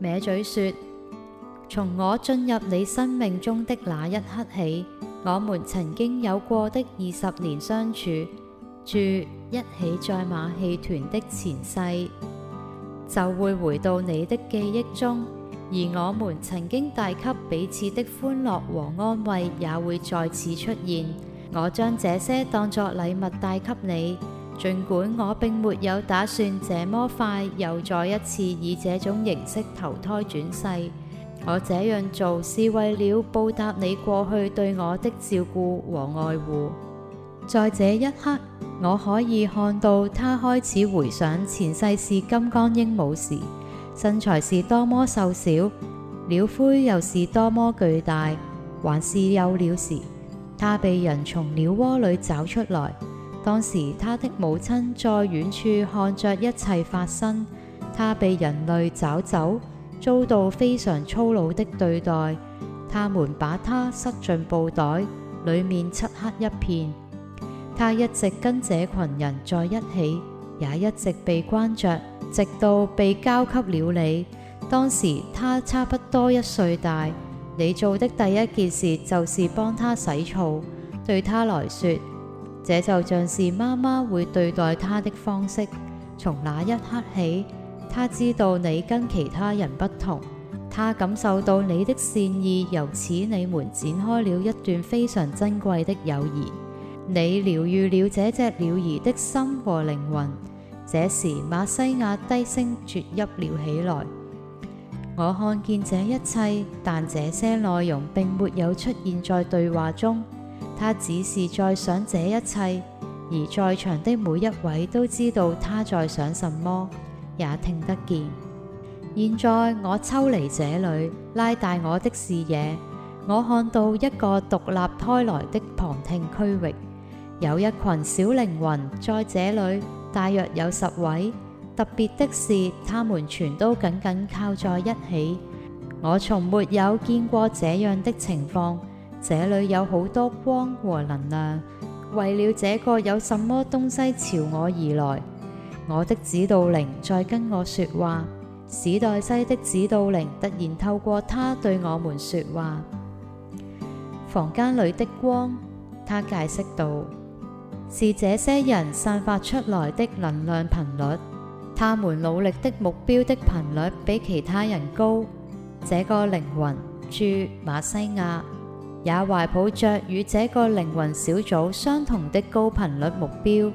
歪嘴說：從我進入你生命中的那一刻起，我們曾經有過的二十年相處，住一起在馬戲團的前世，就會回到你的記憶中，而我們曾經帶給彼此的歡樂和安慰，也會再次出現。我將這些當作禮物帶給你。儘管我並沒有打算這麼快又再一次以這種形式投胎轉世，我這樣做是為了報答你過去對我的照顧和愛護。在這一刻，我可以看到他開始回想前世是金剛鸚鵡時，身材是多麼瘦小，鳥喙又是多麼巨大，還是幼鳥時，他被人從鳥窩裏找出來。當時他的母親在遠處看着一切發生，他被人類找走，遭到非常粗魯的對待。他們把他塞進布袋，裡面漆黑一片。他一直跟這群人在一起，也一直被關着，直到被交給了你。當時他差不多一歲大，你做的第一件事就是幫他洗澡。對他來說。這就像是媽媽會對待她的方式。從那一刻起，她知道你跟其他人不同。她感受到你的善意，由此你們展開了一段非常珍貴的友誼。你療癒了這隻鳥兒的心和靈魂。這時，馬西亞低聲啜泣了起來。我看見這一切，但這些內容並沒有出現在對話中。他只是在想這一切，而在場的每一位都知道他在想什麼，也聽得見。現在我抽離這裡，拉大我的視野，我看到一個獨立開來的旁聽區域，有一群小靈魂在這裡，大約有十位。特別的是，他們全都緊緊靠在一起，我從沒有見過這樣的情況。這裏有好多光和能量，為了這個有什麼東西朝我而來？我的指導靈在跟我說話。史代西的指導靈突然透過他對我們說話。房間裏的光，他解釋道，是這些人散發出來的能量頻率，他們努力的目標的頻率比其他人高。這個靈魂住馬西亞。也懷抱著與這個靈魂小組相同的高頻率目標，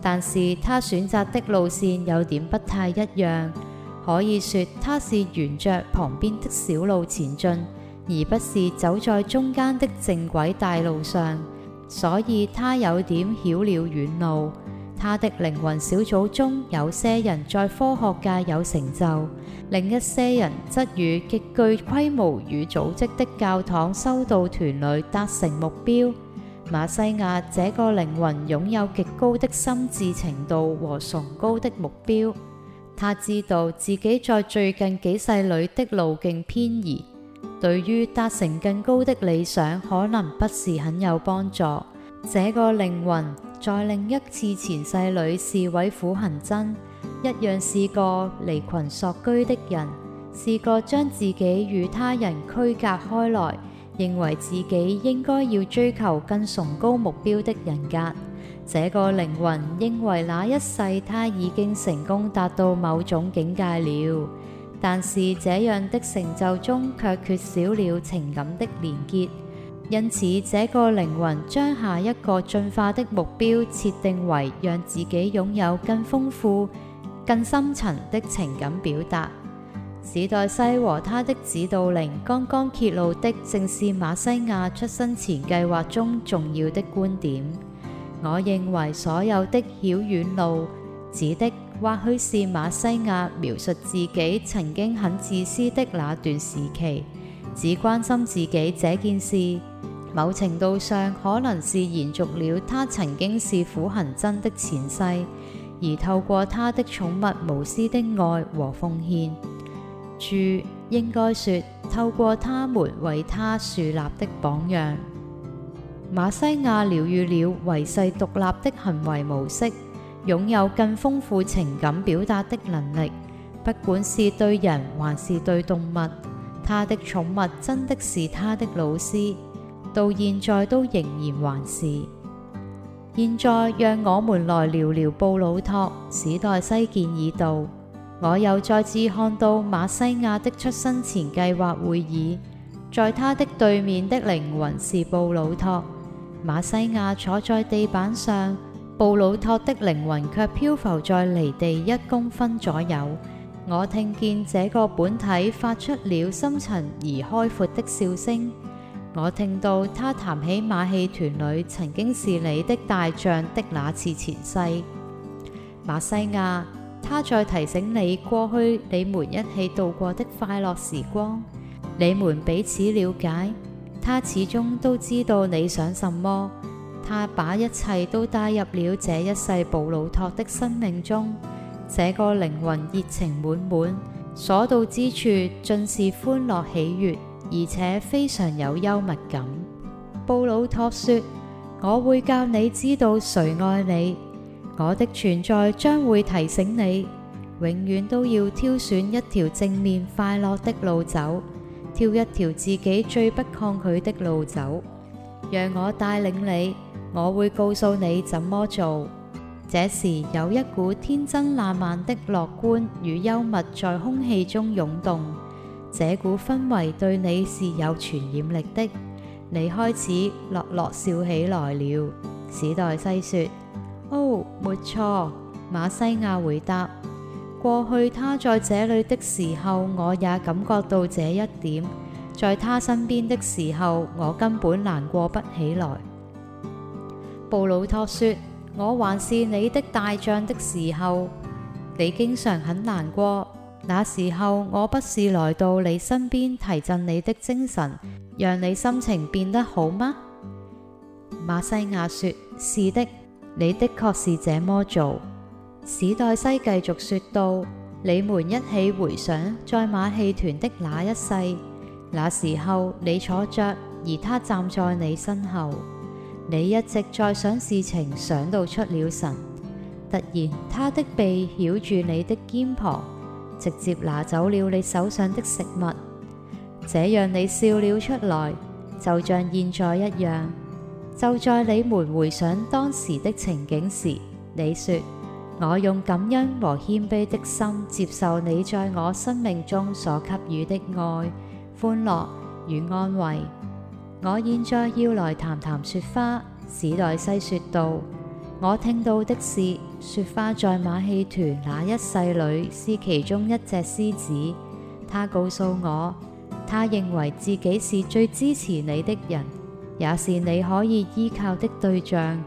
但是他選擇的路線有點不太一樣。可以說他是沿著旁邊的小路前進，而不是走在中間的正軌大路上，所以他有點繞了遠路。他的靈魂小組中，有些人在科學界有成就，另一些人則於極具規模與組織的教堂修道團裡達成目標。瑪西雅這個靈魂擁有極高的心智程度和崇高的目標，他知道自己在最近幾世裡的路徑偏移，對於達成更高的理想可能不是很有幫助。這個靈魂。在另一次前世裏，是位苦行僧，一樣是個離群索居的人，是個將自己與他人區隔開來，認為自己應該要追求更崇高目標的人格。這個靈魂認為那一世他已經成功達到某種境界了，但是這樣的成就中卻缺少了情感的連結。因此，這個靈魂將下一個進化的目標設定為讓自己擁有更豐富、更深層的情感表達。史代西和他的指導靈剛剛揭露的正是馬西亞出生前計劃中重要的觀點。我認為所有的繞遠路指的，或許是馬西亞描述自己曾經很自私的那段時期。只關心自己這件事，某程度上可能是延續了他曾經是苦行僧的前世，而透過他的寵物無私的愛和奉獻，注應該說透過他們為他樹立的榜樣，馬西亞療癒了遺世獨立的行為模式，擁有更豐富情感表達的能力，不管是對人還是對動物。他的寵物真的是他的老師，到現在都仍然還是。現在讓我們來聊聊布魯托。史代西建議道：我又再次看到瑪西雅的出生前計劃會議，在他的對面的靈魂是布魯托。瑪西雅坐在地板上，布魯托的靈魂卻漂浮在離地一公分左右。我聽見這個本體發出了深沉而開闊的笑聲，我聽到他談起馬戲團裏曾經是你的大象的那次前世，馬西亞，他在提醒你過去你們一起度過的快樂時光，你們彼此了解，他始終都知道你想什麼，他把一切都帶入了這一世布魯托的生命中。這個靈魂熱情滿滿，所到之處盡是歡樂喜悅，而且非常有幽默感。布魯托說：我會教你知道誰愛你，我的存在將會提醒你，永遠都要挑選一條正面快樂的路走，挑一條自己最不抗拒的路走。讓我帶領你，我會告訴你怎麼做。這時有一股天真爛漫的樂觀與幽默在空氣中湧動，這股氛圍對你是有傳染力的。你開始樂樂笑起來了。史黛西說：哦，沒錯。瑪西雅回答：過去他在這裏的時候，我也感覺到這一點。在他身邊的時候，我根本難過不起來。布魯托說。我還是你的大象的時候，你經常很難過。那時候我不是來到你身邊提振你的精神，讓你心情變得好嗎？馬西亞說：是的，你的確是這麼做。史黛西繼續說道：你們一起回想在馬戲團的那一世，那時候你坐着，而他站在你身後。你一直在想事情，想到出了神。突然，他的臂繞住你的肩膀，直接拿走了你手上的食物。這樣，你笑了出來，就像現在一樣。就在你們回想當時的情景時，你說：我用感恩和謙卑的心接受你在我生命中所給予的愛、歡樂與安慰。我現在要來談談雪花，史黛西說道：我聽到的是雪花在馬戲團那一世裡是其中一隻獅子。他告訴我，他認為自己是最支持你的人，也是你可以依靠的對象。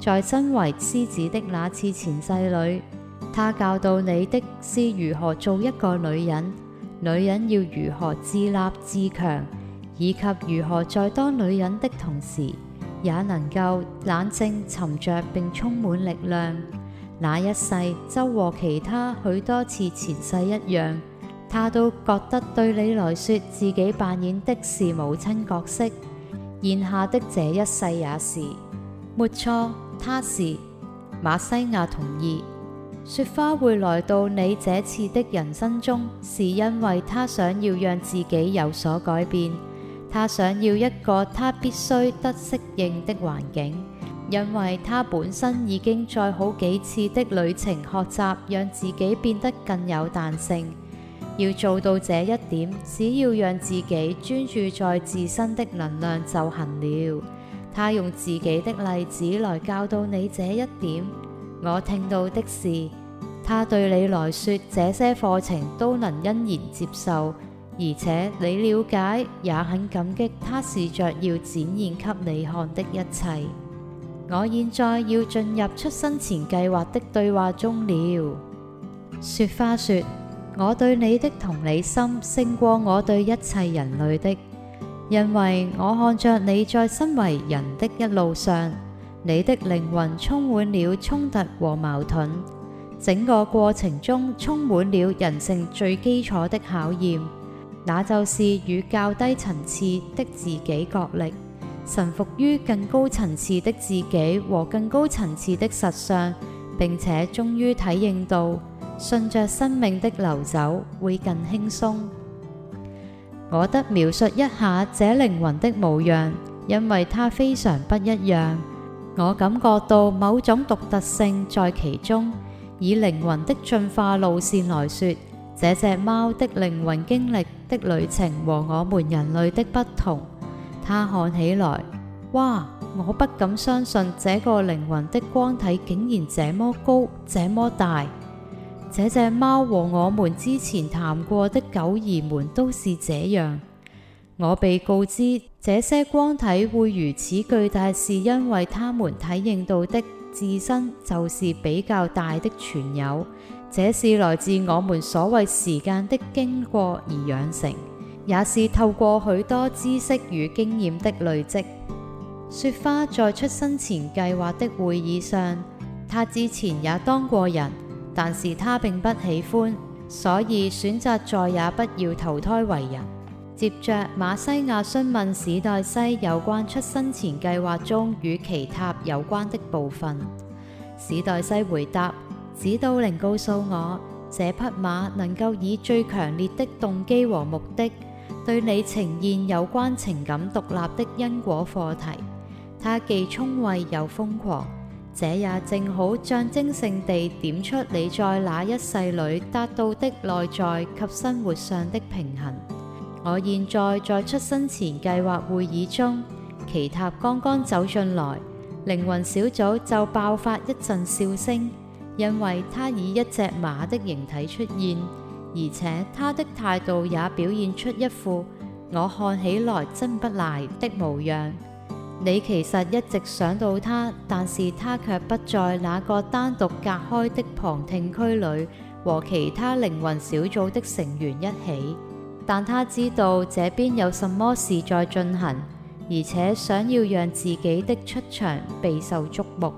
在身為獅子的那次前世裡，他教導你的是如何做一個女人，女人要如何自立自強。以及如何在當女人的同時，也能夠冷靜沉着並充滿力量。那一世就和其他許多次前世一樣，他都覺得對你來說自己扮演的是母親角色，現下的這一世也是。沒錯，他是馬西亞同意雪花會來到你這次的人生中，是因為他想要讓自己有所改變。他想要一個他必須得適應的環境，因為他本身已經在好幾次的旅程學習，讓自己變得更有彈性。要做到這一點，只要讓自己專注在自身的能量就行了。他用自己的例子來教導你這一點。我聽到的是，他對你來說這些課程都能欣然接受。而且你了解，也很感激他試着要展現給你看的一切。我現在要進入出生前計劃的對話中了。雪花說：我對你的同理心勝過我對一切人類的，因為我看着你在身為人的一路上，你的靈魂充滿了衝突和矛盾，整個過程中充滿了人性最基礎的考驗。那就是與較低層次的自己角力，臣服於更高層次的自己和更高層次的實相，並且終於體認到，順着生命的流走會更輕鬆。我得描述一下這靈魂的模樣，因為它非常不一樣。我感覺到某種獨特性在其中。以靈魂的進化路線來說，這隻貓的靈魂經歷。的旅程和我們人類的不同，他看起來，哇！我不敢相信這個靈魂的光體竟然這麼高，這麼大。這隻貓和我們之前談過的狗兒們都是這樣。我被告知這些光體會如此巨大，是因為它們體認到的自身就是比較大的存有。這是來自我們所謂時間的經過而養成，也是透過許多知識與經驗的累積。雪花在出生前計劃的會議上，他之前也當過人，但是他並不喜歡，所以選擇再也不要投胎為人。接著，馬西亞詢問史黛西有關出生前計劃中與其他有關的部分，史黛西回答。指導靈告訴我，這匹馬能夠以最強烈的動機和目的，對你呈現有關情感獨立的因果課題。它既聰慧又瘋狂，這也正好象徵性地點出你在那一世裡達到的內在及生活上的平衡。我現在在出生前計劃會議中，奇塔剛剛走進來，靈魂小組就爆發一陣笑聲。因為他以一隻馬的形體出現，而且他的態度也表現出一副我看起來真不賴的模樣。你其實一直想到他，但是他卻不在那個單獨隔開的旁聽區裡和其他靈魂小組的成員一起。但他知道這邊有什麼事在進行，而且想要讓自己的出場備受矚目。